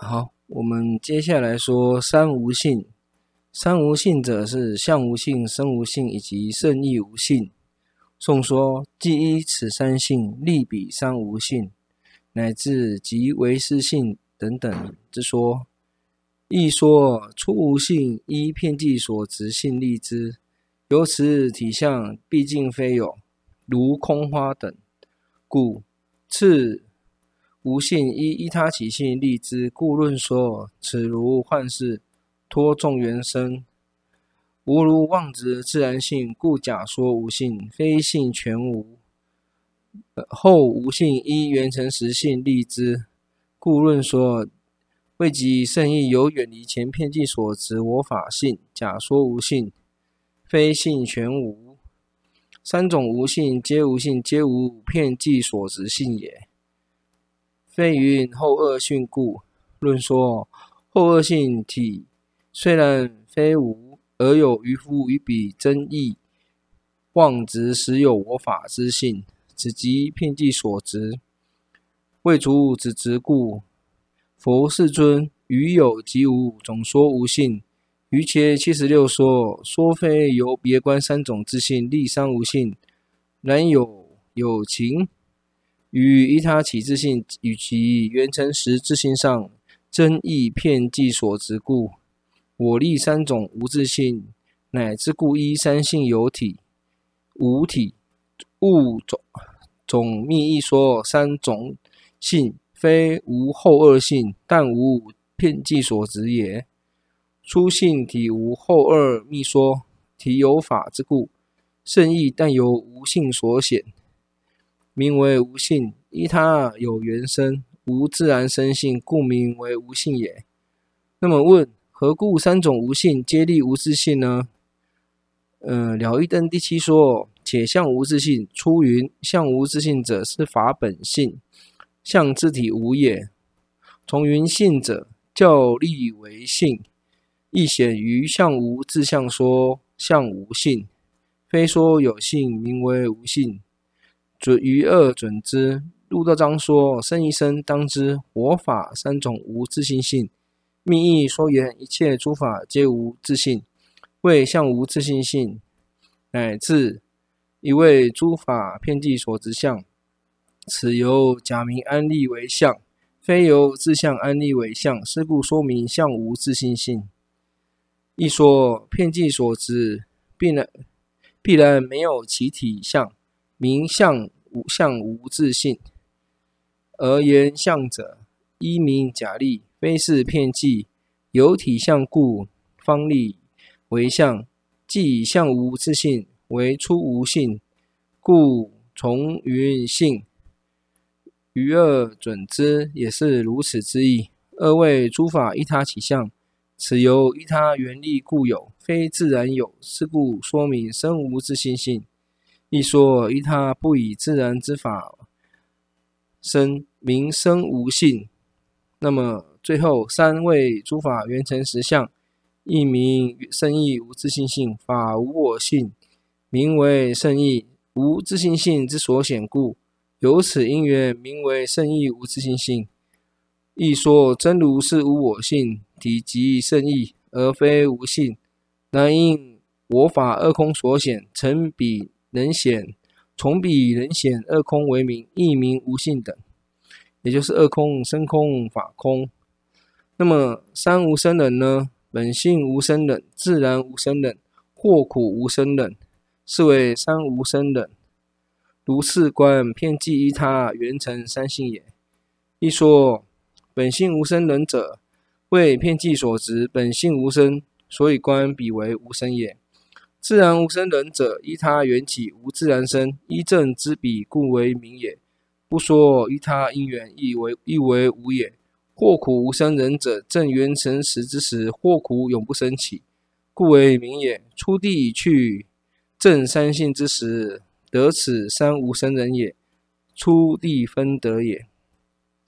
好，我們接下來說三無性。三無性者是相無性、生無性以及勝義無性。頌說即依此三性，立彼三無性，乃至即為是性等等之說。亦說初無性，依遍計所執性立之，由此體相畢竟非有，如空花等。故次。無性依依他起性立之，故論說，此如幻事，托眾緣生，無如妄執自然性，故假說無性，非性全無。呃、後無性依圓成實性立之，故論說未及勝義，由遠離前遍計所執我法性，假說無性，非性全無。三種無性皆無性，皆無遍計所執性也。非云後惡性，故論說後惡性體雖然非無，而有愚夫愚彼真意，望之實有我法之性，只即片句所執，未足指之，故佛世尊於有即無，總說無性，於前七十六說說非由別觀三種之性，立三無性，然有有情。於依他起自性，與其圓成實自性上，真意遍計所執故，我立三種無自性，乃至故依三性有體，無體，物種種密意說，三種性非無後二性，但無遍計所執也。初性體無後二密說，體有法之故，勝義但由無性所顯。名為無性，依他有緣生，無自然生性，故名為無性也。那麼問：何故三種無性皆立無自性呢？呃，了義燈第七說：且相無自性出云，相無自性者是法本性，相自體無也。從云性者，教立為性，亦顯於相無自相說，相無性，非說有性，名為無性。準於二准之，陸道章說：“勝義生當知，佛法三種無自性性。密意說言，一切諸法皆無自性，謂相無自性性，乃至一位諸法遍計所執相，此由假名安立為相，非由自相安立為相。是故說名相無自性性。亦說遍計所執必然必然沒有其體相。”名相，相無相無自性，而言相者，依名假立，非是遍計，有體相故，方立為相。既以相無自性，為初無性，故從云性，餘二準之，也是如此之意。二謂諸法依他起相，此由依他緣力故有，非自然有。是故說明生無自性性。一說依他不以自然之法生，名生無性。那麼最後三位諸法圓成實相，一名勝義無自性性，法無我性，名為勝義無自性性之所顯故。由此因緣，名為勝義無自性性。一說真如是無我性體，即義勝義，而非無性。然因我法二空所顯，成彼。人險，從彼人險，二空為名，一名無性等，也就是二空、生空、法空。那麼三無生忍呢？本性無生忍，自然無生忍，禍苦無生忍，是謂三無生忍。如是觀，遍計依他，圓成三性也。一說，本性無生忍者，為遍計所執，本性無生，所以觀彼為無生也。自然無生人者，依他緣起無自然生，依正之比故為名也。不說依他因緣，亦為亦為無也。惑苦無生人者，正緣成實之時，惑苦永不生起，故為名也。初地已去，正三性之時，得此三無生人也。初地分得也。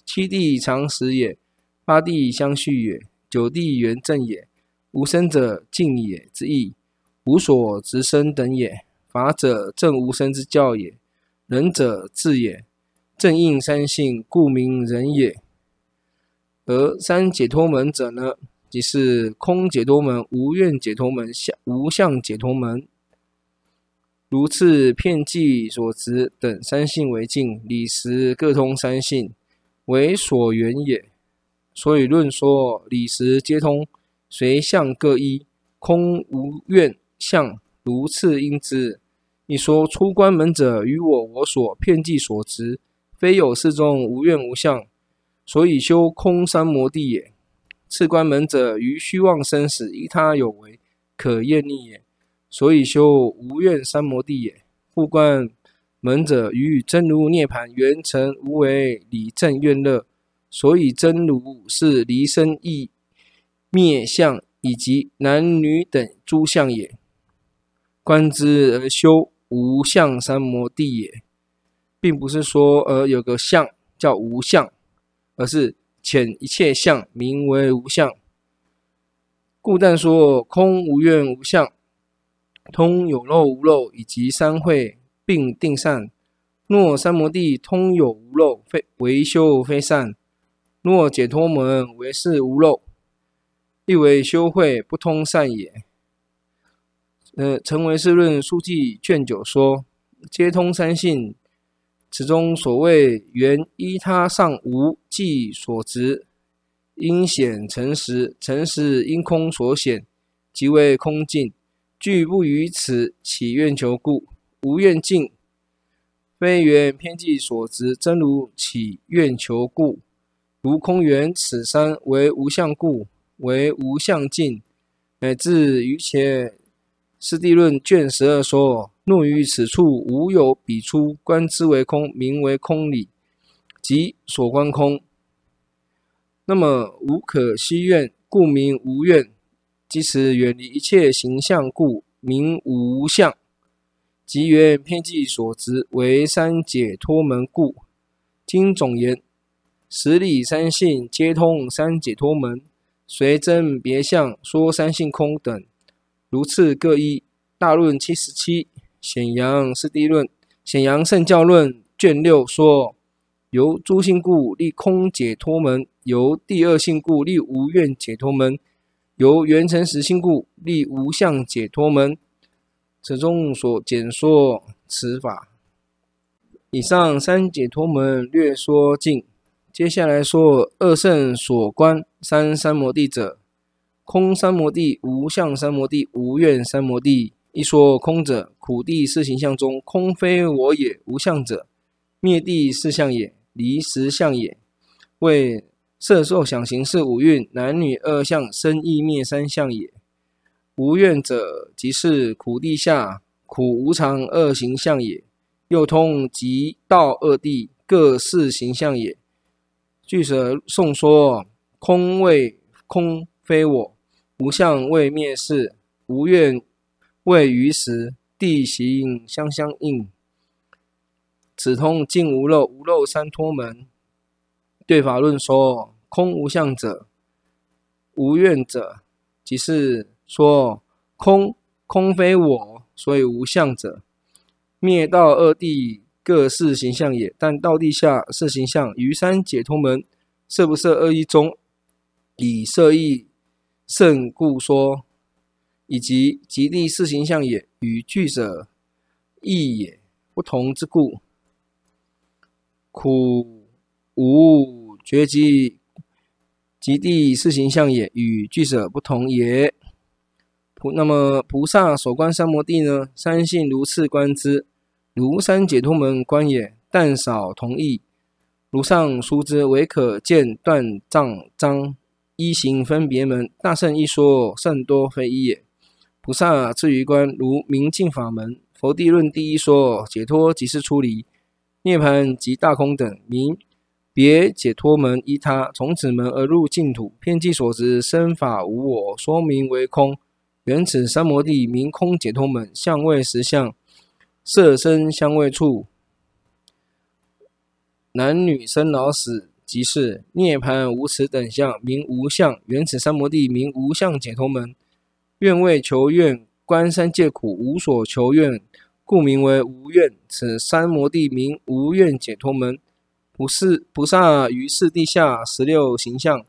七地常識也，八地相續也，九地緣正也。無生者盡也之意。無所執身等也，法者正無身之教也，人者智也，正應三性，故名人也。而三解脫門者呢，即是空解脫門、無願解脫門、無相解脫門。如次遍計所執等三性為境，理實各通三性，為所緣也。所以論說理實皆通，隨相各一，空無願。相如次應之，你說出關門者於我我所遍計所執，非有四中無願無相，所以修空三摩地也；次關門者於虛妄生死依他有為可厭逆也，所以修無願三摩地也；復關門者於真如涅盤圓成無為理正願樂，所以真如是離生異滅相以及男女等諸相也。觀之而修無相三摩地也，並不是說呃有個相叫無相，而是遣一切相名為無相。故但說空、無願、無相，通有漏無漏以及三慧並定善。若三摩地通有無漏非為修非善，若解脫門為是無漏，亦為修慧不通善也。呃，成唯識論述記卷九說：“皆通三性，此中所謂緣依他上無計所執，因顯成實，成實因空所顯，即為空境。俱不於此起願求故，無願境，非緣偏計所執，真如起願求故，如空緣。此三為無相故，為無相境，乃至於且。”《釋諦論》卷十二說：“若於此處無有彼出，觀之為空，名為空理，即所觀空。那麼無可希願，故名無願；即使遠離一切形象故，故名無相；即緣遍計所執為三解脫門故。經總言十理三性皆通三解脫門，隨真別相說三性空等。”如次各一大論七十七，顯揚是地論，顯揚聖教論卷六說：由諸性故立空解脫門，由第二性故立無願解脫門，由圓成實性故立無相解脫門。此中所簡說此法。以上三解脫門略說盡，接下來說二聖所觀三三摩地者。空三摩地，無相三摩地，無願三摩地。一說空者，苦諦四行相中空，非我也；無相者，滅諦四相也，離十相也。謂色受想行識五蘊，男女二相，生異滅三相也。無願者，即是苦諦下苦無常二行相也，又通集道二諦各四行相也。俱舍頌說，空謂空。非我無相為滅事，無願為於時，地形相相應，此通盡無漏，無漏三脫門。對法論說，空無相者，無願者，即是說空空非我，所以無相者，滅道二地各是形象也。但道地下是形象，於三解脫門是不是二一中，以色意。勝故說，以及集諦四行相也，與俱者異也，不同之故。苦無覺極，集諦四行相也與俱者不同也。菩那麼菩薩所觀三摩地呢？三性如次觀之，如三解脫門觀也，但少同意。如上書之，唯可見斷障章。一行分別門，大聖一說，甚多非一也。菩薩至於觀如明鏡法門，佛地論第一說解脫即是出離，涅槃及大空等，明別解脫門依他從此門而入淨土，遍計所執身法無我，說名為空。緣此三摩地名空解脫門，相謂十相，色聲香味觸，男女生老死。即是涅槃無此等相，名無相；緣此三摩地名無相解脫門。願為求願觀三界苦，無所求願，故名為無願。此三摩地名無願解脫門。普世菩薩於四諦下十六行相，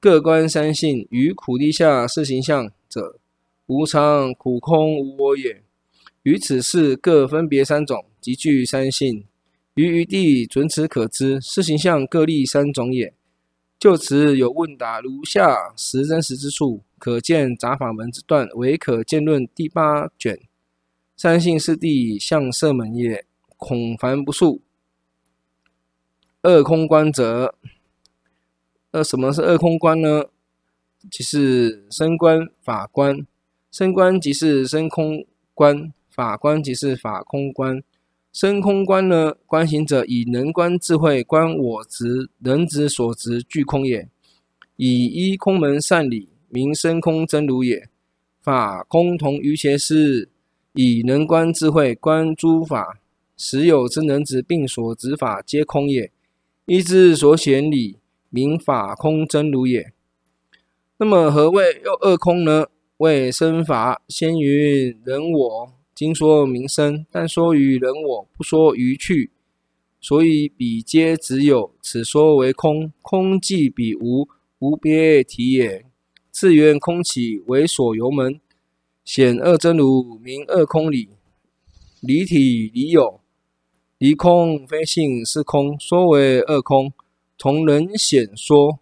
各觀三性於苦諦下四行相者，無常、苦、空、無我也。於此事各分別三種，即具三性。於餘，餘地準此可知，是行相各立三種也。就此有問答如下：十真實之處，可見雜法門之斷，唯可見論第八卷。三性是地相攝門也，恐繁不述。二空觀者，那什麼是二空觀呢？即是生觀、法觀。生觀即是生空觀，法觀即是法空觀。生空觀呢？觀行者以能觀智慧觀我執、人執所執俱空也；以依空門善理，名生空真如也。法空同於邪視，以能觀智慧觀諸法實有之能執，並所執法皆空也；依之所顯理，名法空真如也。那麼何謂又二空呢？謂生法先於人我。今說名生，但說於人我，不說於去，所以彼皆執有，此說為空，空即彼無，無別體也。次元空起為所由門，顯二真如名二空理，離體離有，離空非性是空，說為二空，同人顯說，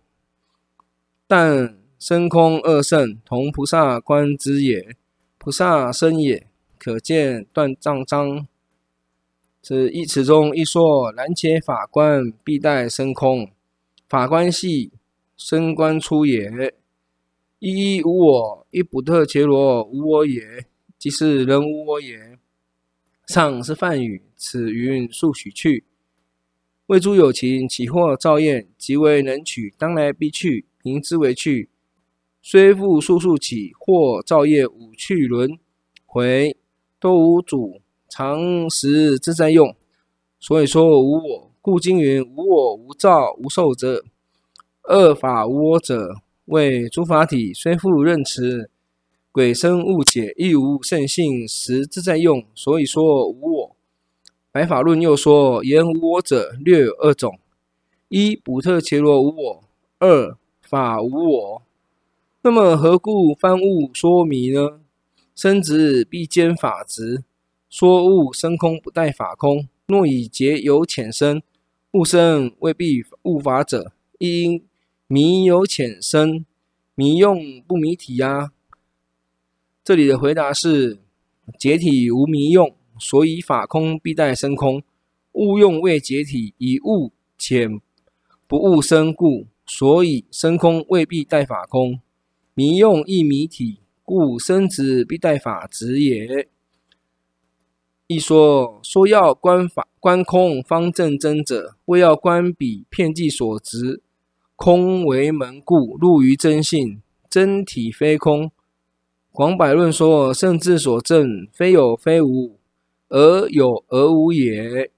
但生空二聖，同菩薩觀之也，菩薩生也。可見斷障章，此一詞中一說，然且法官必待生空，法官係生觀出也。一一無我，一補特伽羅無我也，即是人無我也。上是梵語，此雲數許去。為諸有情起惑造業，即為能取，當來必去，名之為去。雖復數數起惑造業五趣輪回。都無主常實自在用，所以說無我。故經云：無我無造無受者，二法無我者謂諸法體。雖復任持，軌生物解亦無勝性實自在用，所以說無我。百法論又說：言無我者，略有二種：一補特伽羅無我，二法無我。那麼何故翻物說迷呢？生執必兼法執，說悟生空不帶法空。若以解有淺深，悟深未必悟法者，因迷有淺深，迷用不迷體呀、啊。這裡的回答是：解體無迷用，所以法空必帶生空。悟用未解體，以悟淺不悟深故，所以生空未必帶法空。迷用亦迷體。故生執必待法執也。一說說要觀法觀空方證真者，謂要觀彼遍計所執空為門故入於真性，真體非空。廣百論說聖智所證非有非無，而有而無也。